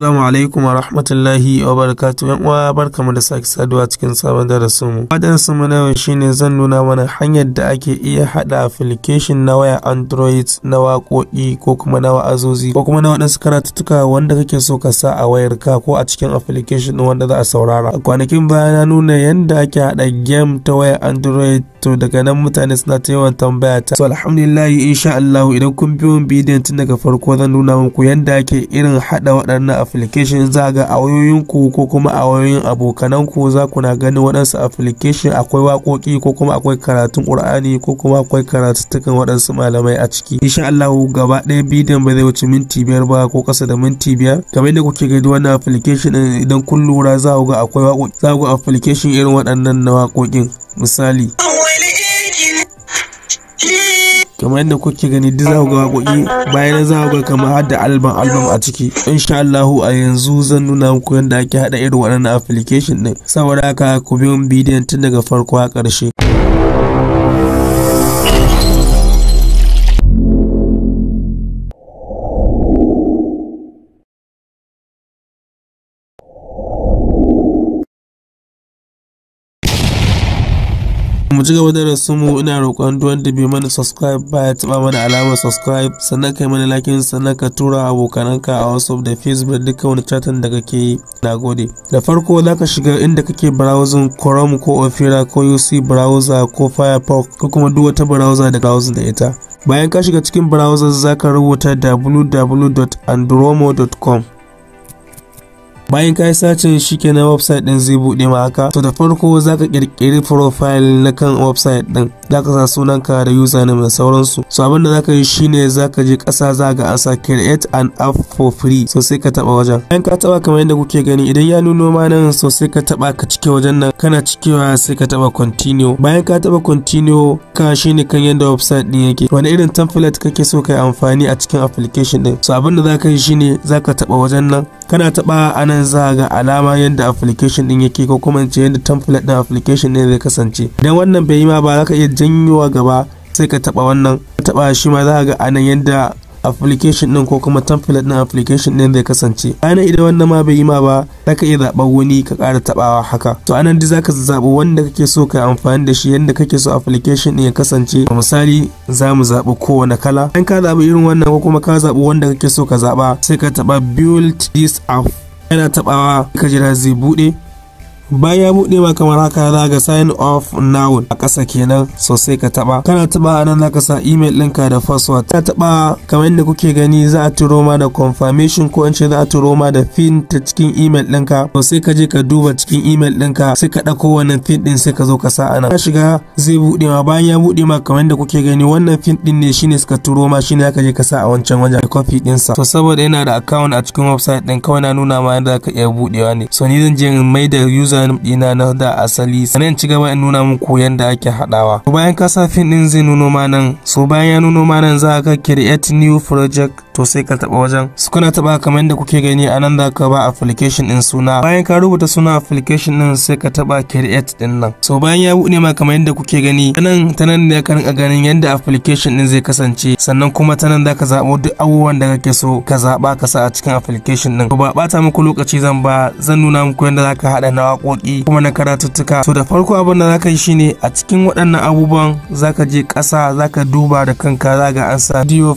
Assalamu alaikum wa rahmatullahi wa barakatu ‘yan uwa barkamu da sake saduwa cikin sabon darasin mu. Wadan su na yau shine zan nuna mana hanyar da ake iya hada application na waya Android na waƙoƙi ko kuma na wa'azozi ko kuma na waɗansu karatuttuka wanda kake so ka sa a wayarka ko a cikin application wanda za a saurara. A kwanakin baya na nuna yadda ake hada game ta waya Android to daga nan mutane suna ta yawan tambaya ta. So alhamdulillah insha Allah idan kun biyo bidiyon tun daga farko zan nuna muku yadda ake irin hada waɗannan application za ga a wayoyinku ko kuma a wayoyin abokananku za ku na ganin waɗansu application akwai waƙoƙi ko kuma akwai karatun ƙur'ani ko kuma akwai karatuttukan waɗansu malamai a ciki insha Allah gaba ɗaya bidiyon ba zai wuce minti biyar ba ko ƙasa da minti biyar kamar da kuke gani wannan application ɗin idan kun lura za ku ga akwai waƙoƙi za ku ga application irin waɗannan na waƙoƙin misali kamar yadda kuke gani duk za ku ga waƙoƙi bayan za ku ga kamar har da album album a ciki insha Allah a yanzu zan nuna muku yadda ake hada irin waɗannan application din saboda haka ku biyo bidiyon tun daga farko a ƙarshe. mu ci gaba da mu ina roƙon duk wanda bai mana subscribe ba ya taba mana alamar subscribe sannan kai mana lakin sannan ka tura abokananka a whatsapp da facebook duka wani chatin da kake yi nagode da farko za ka shiga inda kake browsing chrome ko opera ko uc browser ko firefox ko kuma duk wata browser da browsing da ita bayan ka shiga cikin browser za ka rubuta www.andromo.com bayan ka yi sacin shi kenan website din zai buɗe ma haka to da farko za ka ƙirƙiri profile na kan website din za ka sa sunanka da username da sauransu so abin da za ka yi shine za ka je ƙasa za ga an sa create an app for free so sai ka taba wajen bayan ka taba kamar yadda kuke gani idan ya nuno ma nan so sai ka taba ka cike wajen nan kana cikewa sai ka taba continue bayan ka taba continue ka shine kan yadda website din yake wani irin template kake so ka yi amfani a cikin application din so abin da za ka yi shine za ka taba wajen nan kana taba anan za ga alama yadda application din yake ko kuma yadda template din application din zai kasance idan wannan bai yi ma ba za ka iya janyowa gaba sai ka taba wannan taba shi ma za a ga anan yadda application din ko kuma template din application din zai kasance anan idan wannan ma bai yi ma ba ka iya zaɓar wani ka ƙara tabawa haka to anan dai ka zaɓi wanda kake so ka amfani da shi yadda kake so application din ya kasance misali za mu zaɓi kowane kala idan ka zaɓi irin wannan ko kuma ka zaɓi wanda kake so ka zaɓa sai ka taɓa build this app yana taɓawa ka jira zai buɗe bayan ma kamar haka za ga sign off now a ƙasa kenan sosai ka taba kana taba nan za ka sa email ɗinka da password ka taba kamar yadda kuke gani za a turo ma da confirmation ko in ce za a turo ma da pin ta cikin email ɗinka to sai ka je ka duba cikin email ɗinka sai ka ɗauko wannan pin ɗin sai ka zo ka sa nan ka shiga zai buɗe ma bayan ya buɗe ma kamar yadda kuke gani wannan pin ɗin ne shine suka turo ma shine ka je ka sa a wancan wajen copy ɗinsa to saboda yana da account a cikin website ɗin kawai na nuna ma yadda ka iya buɗewa ne so ni zan je in mai da user design dina na da asali sannan ci gaba in nuna muku yadda ake hadawa to bayan ka fin din zai nuno ma nan so bayan ya nuno ma nan za ka create new project to sai ka taba wajen su kana taba kamar yadda kuke gani a nan za ka ba application din suna bayan ka rubuta suna application din sai ka taba create din nan so bayan ya buɗe ma kamar yadda kuke gani ta ta nan ne ka rinka ganin yadda application din zai kasance sannan kuma ta nan za ka zaɓo duk abubuwan da kake so ka zaɓa ka sa a cikin application din to ba ɓata muku lokaci zan ba zan nuna muku yadda za ka haɗa na waƙoƙi kuma na karatuttuka to da farko abin da zaka yi shine a cikin waɗannan abubuwan zaka je ƙasa zaka duba da kanka ga an sa video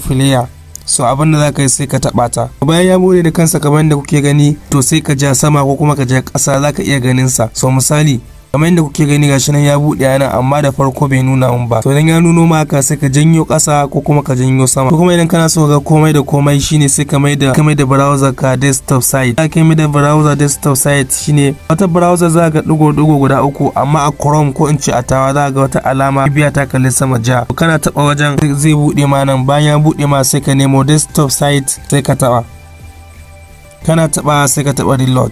so abin da za ka yi sai ka taɓa ta bayan ya bude da kansa kamar da kuke gani to sai ka ja sama ko kuma ka ja ƙasa za ka iya ganin sa so misali kamar yadda kuke gani gashi nan ya buɗe yana amma da farko bai nuna min ba to idan ya nuno ma ka sai ka janyo ƙasa ko kuma ka janyo sama ko kuma idan kana so ga komai da komai shine sai ka mai da ka mai da browser ka desktop site ka kai mai da browser desktop site shine wata browser za ka dugo dugo guda uku amma a chrome ko in ce a tawa za ga wata alama biya ta kalli sama ja kana taɓa wajen zai buɗe ma nan bayan ya buɗe ma sai ka nemo desktop site sai ka taɓa kana taɓa sai ka taɓa reload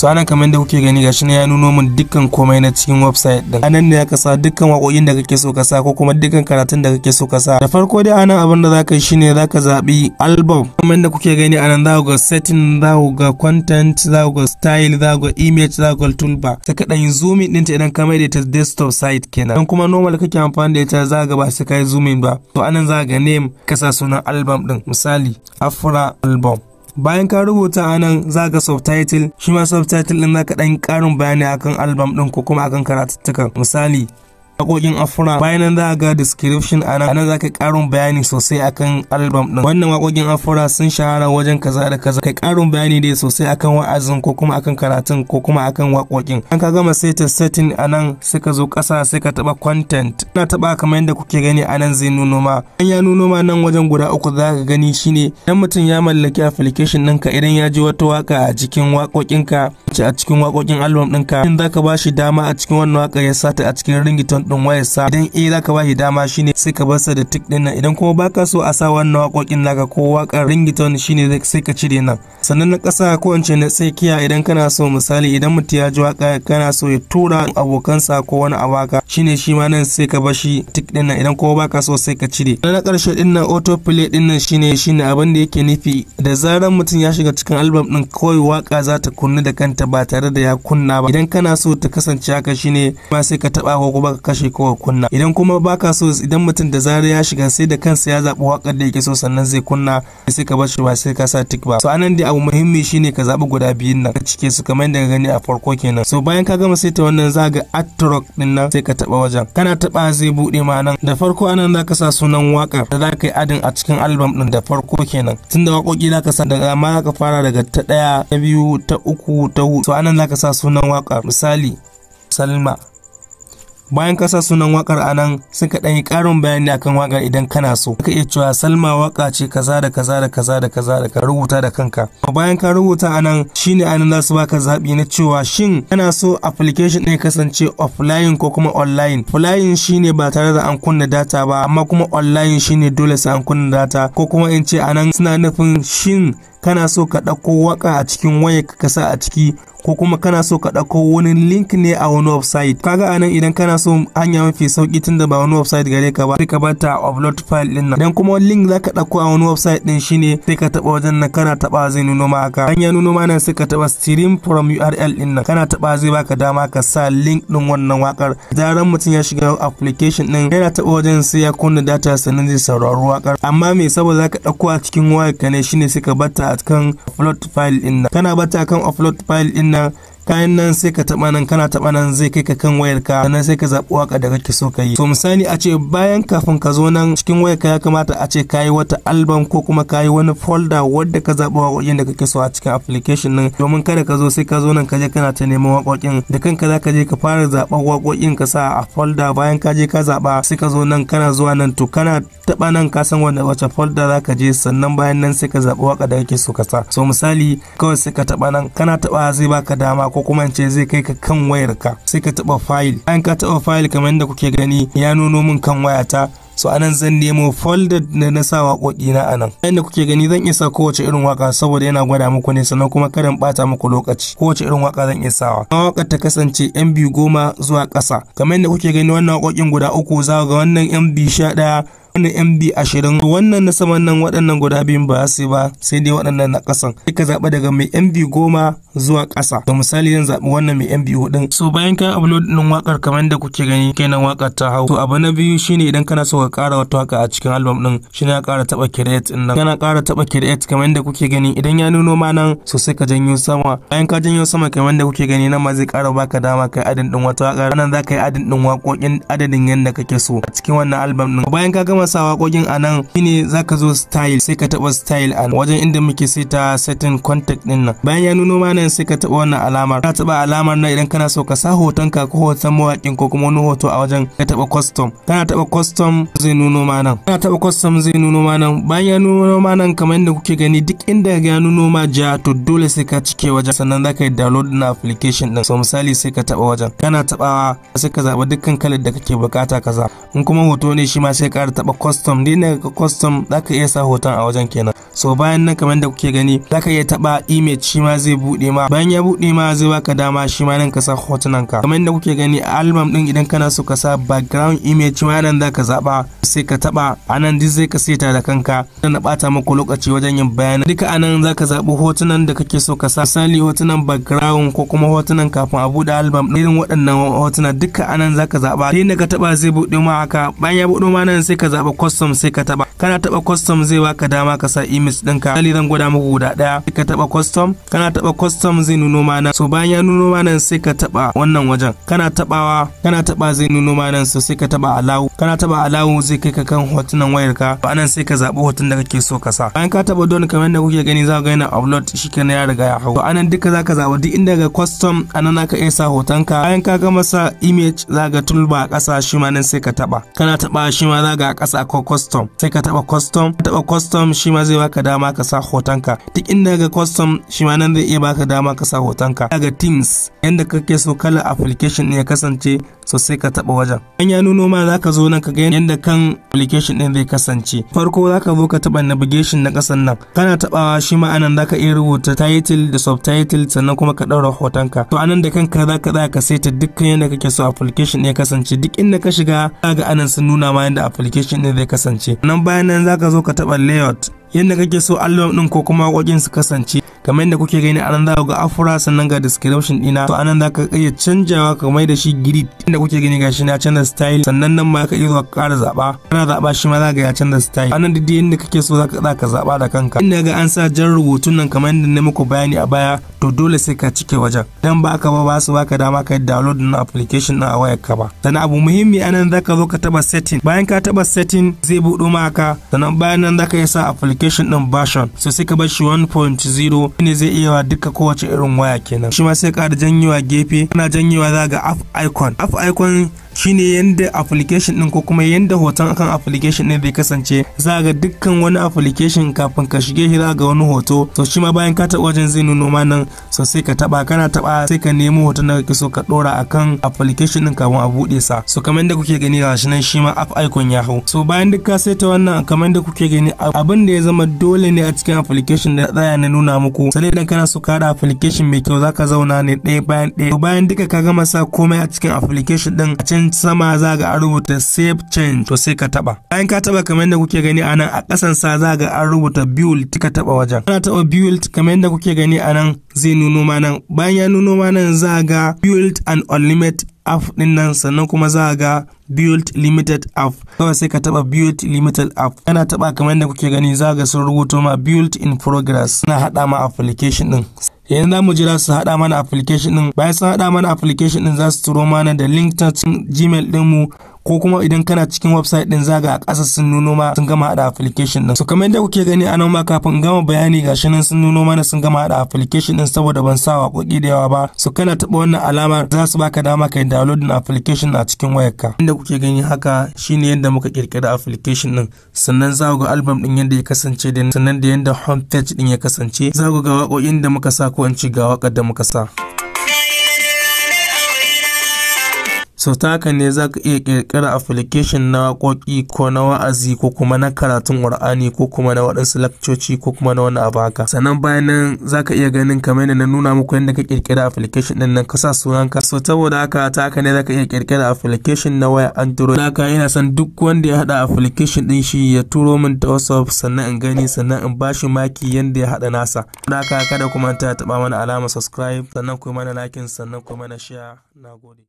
so anan kamar yadda kuke gani gashi ne ya nuno min dukkan komai na cikin website din anan ne ya sa dukkan waƙoƙin da kake so ka sa ko kuma dukkan karatun da kake so ka sa da farko dai anan abin da zaka yi shine zaka zabi album kamar yadda kuke gani anan za ga setting za ga content za ga style za ga image za ga toolbar sai ka dan zoom in ɗinta idan kamar yadda ta desktop site kenan dan kuma normal kake amfani da ita za ga ba sai kai zoom in ba to anan za ga name ka sa sunan album din misali afra album bayan ka rubuta a nan za ka subtitle shi ma subtitle ɗin za ka ɗan ƙarin bayani akan album ɗin ko kuma akan karatuttukan misali Wakokin afura bayan nan za ga description a nan za ka karin bayani sosai akan album din wannan wakokin afura sun shahara wajen kaza da kaza kai karin bayani dai sosai akan wa'azin ko kuma akan karatun ko kuma akan wakokin. an ka gama seta setting a nan sai ka zo ƙasa sai ka taɓa content na taɓa kamar yadda kuke gani a nan zai nuno ma an ya nuno ma nan wajen guda uku za ka gani shine dan mutum ya mallaki application ɗinka idan ya ji wata waka a cikin waƙoƙinka a cikin waƙoƙin album ɗinka in za ka ba shi dama a cikin wannan waka ya sata a cikin ringtone din wayarsa idan eh zaka bashi dama shine sai ka bar sa da tik din nan idan kuma baka so a sa wannan wakokin naka ko waƙar ringtone shine sai ka cire nan sannan na ƙasa ko in ce na tsakiya idan kana so misali idan mutum ya ji waƙa kana so ya tura abokansa ko wani abaka shine shi ma nan sai ka bashi tik din nan idan kuma baka so sai ka cire na ƙarshe din nan auto play din nan shine shine abin da yake nufi da zaran mutum ya shiga cikin album din kawai waka za ta kunna da kanta ba tare da ya kunna ba idan kana so ta kasance haka shine ba sai ka taba ko kuma ka kashe kashe ko kunna idan kuma baka so idan mutum da zarar ya shiga sai da kansa ya zaɓi waƙar da yake so sannan zai kunna sai ka bar shi ba sai ka sa tik ba so anan dai abu muhimmi shine ka zaɓi guda biyun nan ka cike su kamar yadda ka gani a farko kenan so bayan ka gama saita wannan za ga atrock din nan sai ka taɓa wajen kana taɓa zai buɗe ma nan da farko anan za ka sa sunan waƙar da za ka yi adin a cikin album din da farko kenan tunda waƙoƙi za ka sa daga ma za ka fara daga ta ɗaya ta biyu ta uku ta hudu so anan za ka sa sunan waƙar misali salma bayan kasa sunan wakar anan suka dan yi karin bayani akan wakar idan kana so ka iya cewa salma waka ce kaza da kaza da kaza da kaza da ka rubuta da kanka bayan ka rubuta anan shine anan za su baka zabi na cewa shin kana so application ɗin kasance offline ko kuma online offline shine ba tare da an kunna data ba amma kuma online shine dole sai an kunna data ko kuma in ce anan suna nufin shin kana so ka ɗauko waka a cikin waya ka sa a ciki ko kuma kana so ka ɗauko wani link ne a wani website kaga anan idan kana so hanya mafi sauki da ba wani website gare ka ba sai ka bata upload file din nan idan kuma link zaka ɗauko a wani website din shine sai ka taba wajen nan kana taba zai nuno ma hanya nuno ma nan sai ka taba stream from url din nan kana taba zai baka dama ka sa link din wannan wakar zaran mutum ya shiga application din yana taba wajen sai ya kunna data sannan zai sauraro wakar amma me saboda zaka ɗauko a cikin wayar ka ne shine sai ka bata a kan upload file din nan kana bata kan upload file din nan kayan nan sai ka taɓa nan kana taɓa nan zai kai ka kan wayarka sannan sai ka zaɓi waka da kake so ka yi so misali a ce bayan kafin ka zo nan cikin wayarka ya kamata a ce ka yi wata album ko kuma ka yi wani folder wadda ka zaɓi waƙoƙin da kake so a cikin application nan domin kada ka zo sai ka zo nan ka je kana ta neman waƙoƙin da kanka za ka je ka fara zaɓen waƙoƙin ka sa a folder bayan ka je ka zaɓa sai ka zo nan kana zuwa nan to kana taɓa nan ka san wanda wace folder za ka je sannan bayan nan sai ka zaɓi waka da kake so ka sa so misali kawai sai ka taɓa nan kana taɓa zai baka dama ko ko kuma ce zai kai ka kan wayarka sai ka taba fayil bayan ka taba fayil kamar yadda kuke gani ya nuno min kan wayata so anan zan nemo folder da na sa waƙoƙi na anan yadda kuke gani zan iya sa kowace irin waka saboda yana gwada muku ne sannan kuma karin bata muku lokaci kowace irin waka zan iya sawa waƙar ta kasance mb goma zuwa ƙasa kamar yadda kuke gani wannan waƙoƙin guda uku za ga wannan mb sha ɗaya wannan mb ashirin wannan na saman nan waɗannan guda biyun ba sai ba sai dai waɗannan na ƙasan sai ka zaɓa daga mai mb goma zuwa ƙasa ga misali zan zaɓi wannan mai yan biyu ɗin so bayan ka upload ɗin waƙar. kamar da kuke gani kenan waƙar ta hau to abu na biyu shine idan kana so ka ƙara wata waƙa a cikin album ɗin. shine ka ƙara taɓa create ɗin nan kana ƙara taɓa create kamar da kuke gani idan ya nuno ma nan so sai ka janyo sama bayan ka janyo sama kamar da kuke gani nan ma zai ƙara baka dama kai adin ɗin wata waƙa nan za ka yi adin ɗin waƙoƙin adadin yanda kake so a cikin wannan album din bayan ka gama sa waƙoƙin a nan shine za ka zo style sai ka taɓa style a wajen inda muke sai setting contact ɗin nan bayan ya nuno ma dole sai ka taɓa wannan alamar ka taɓa alamar na idan kana so ka sa hoton ka ko hoton mawaƙin ko kuma wani hoto a wajen ka taɓa custom kana taɓa custom zai nuno ma nan kana taɓa custom zai nuno ma nan bayan ya nuno ma nan kamar yadda kuke gani duk inda ya nuno ma ja to dole sai ka cike wajen sannan za ka yi download na application din so misali sai ka taɓa wajen kana taɓawa sai ka zaɓa dukkan kalar da kake bukata kaza in kuma hoto ne shi ma sai ka taɓa custom dai na custom za ka iya sa hoton a wajen kenan so bayan nan kamar yadda kuke gani za ka iya taɓa image shi ma zai buɗe ma bayan ya buɗe ma zai baka dama shi ma nan ka sa hotunan ka kamar yadda kuke gani album din idan kana so ka sa background image ma nan zaka zaba sai ka taba anan duk zai ka seta da kanka dan na bata muku lokaci wajen yin bayanan duka anan zaka zabi hotunan da kake so ka sa misali hotunan background ko kuma hotunan kafin a buɗe album irin waɗannan hotuna duka anan zaka zaba sai da ka taba zai buɗe ma haka bayan ya buɗe ma nan sai ka zaba custom sai ka taba kana taba custom zai baka dama ka sa image ɗinka misali zan gwada muku guda ɗaya ka taba custom kana taba custom custom zai nuno mana so bayan ya nuno mana sai ka taba wannan wajen kana tabawa kana taba zai nuno mana so sai ka taba alawu kana taba alawu zai kai ka kan hotunan wayar ka anan sai ka zabi hotun da kake so ka sa bayan ka taba don kamar yadda kuke gani za ku ga yana upload shikenan ya riga ya hau to anan duka za ka zaba duk inda ga custom anan za ka iya sa hoton ka bayan ka gama sa image za ka tulba a kasa. shi ma nan sai ka taba kana taba shi ma za ga a kasa ko custom sai ka taba custom taba custom shi ma zai baka dama ka sa hotonka. ka duk inda ga custom shi ma nan zai iya baka dama ka sa hotonka daga teams yadda kake so kala application ɗin ya kasance sosai ka taɓa wajen an ya nuno ma za ka zo nan ka ga yadda kan application ɗin zai kasance farko za ka zo ka taɓa navigation na kasan nan kana taɓawa shi ma anan za ka iya rubuta title da subtitle sannan kuma ka ɗaura hotonka to anan da kanka za ka tsaya ka saita dukkan yadda kake so application ɗin ya kasance duk inda ka shiga za ga anan sun nuna ma yadda application ɗin zai kasance nan bayan nan za ka zo ka taɓa layout yadda kake so album ɗin ko kuma waƙoƙin su kasance kamar yadda kuke gani anan za ku ga afura sannan ga description dina to anan za ka iya canjawa ka mai da shi grid inda kuke gani gashi na canza style sannan nan ma ka iya zuwa ƙara zaba kana zaba shi ma za ga ya canza style anan duk yadda kake so za ka za ka zaba da kanka inda ga an sa jan rubutun nan kamar yadda na muku bayani a baya to dole sai ka cike wajen dan ba ka ba ba su baka dama ka download na application na a wayar ka ba sannan abu muhimmi anan za ka zo ka taba setting bayan ka taba setting zai buɗo maka sannan bayan nan za ka iya sa application din version so sai ka bar shi 1.0 laptop ne zai iya wa duka kowace irin waya kenan shi ma sai ƙara janyewa gefe ana janyewa za ga app icon app icon shine yanda application din ko kuma yanda hoton akan application din zai kasance za ga dukkan wani application kafin ka shige shi za ga wani hoto to shi ma bayan ka taɓa wajen zai nuno ma nan so sai ka taɓa kana taɓa sai ka nemo hoton da kake so ka ɗora akan application din kafin a buɗe sa so kamar yadda kuke gani gashi nan shi ma app icon ya hau so bayan duk ka saita wannan kamar yadda kuke gani abin da ya zama dole ne a cikin application da tsaya na nuna muku sai idan kana so ka da application mai kyau zaka zauna ne ɗaya bayan ɗaya bayan duka ka gama sa komai a cikin application din a can sama za ga an rubuta save change to sai ka taba bayan ka taba kamar yadda kuke gani anan a kasan sa za ga an rubuta build ka taba wajen kana taba build kamar yadda kuke gani anan zai nuno ma nan bayan ya nuno ma nan za ga build and unlimited app din nan sannan kuma za ga build limited app kawai sai ka taba build limited app kana taba kamar yadda kuke gani za ga sun rubuto ma build in progress na hada ma application din yanzu za mu jira su haɗa mana application ɗin bayan sun haɗa mana application ɗin za su turo mana da link ta gmail ɗinmu ko kuma idan kana cikin website din zaga a ƙasa sun nuno ma sun gama da application din so kamar yadda kuke gani a nan ma kafin gama bayani gashi nan sun nuno mana sun gama da application din saboda ban sa waƙoƙi da yawa ba so kana taɓa wannan alama za su baka dama kai downloading application a cikin wayarka inda kuke gani haka shine yadda muka kirkira application din sannan za ga album din yadda ya kasance da sannan da yadda page din ya kasance za ga waƙoƙin da muka sa ko in ci ga waƙar da muka sa. so ta ne za ka iya kirkira application na waƙoƙi ko na wa'azi ko kuma na karatun ƙur'ani ko kuma na waɗansu lakcoci ko kuma na wani abu haka sannan bayan nan za ka iya ganin kamar yadda na nuna muku yadda ka kirkira application ɗin nan ka sa sunanka so saboda haka ta haka ne za ka iya kirkira application na waya android haka yana son duk wanda ya haɗa application ɗin shi ya turo min ta whatsapp sannan in gani sannan in bashi maki yadda ya haɗa nasa da haka kada kuma ta taɓa mana alama subscribe sannan kuma mana lakin sannan kuma mana share na gode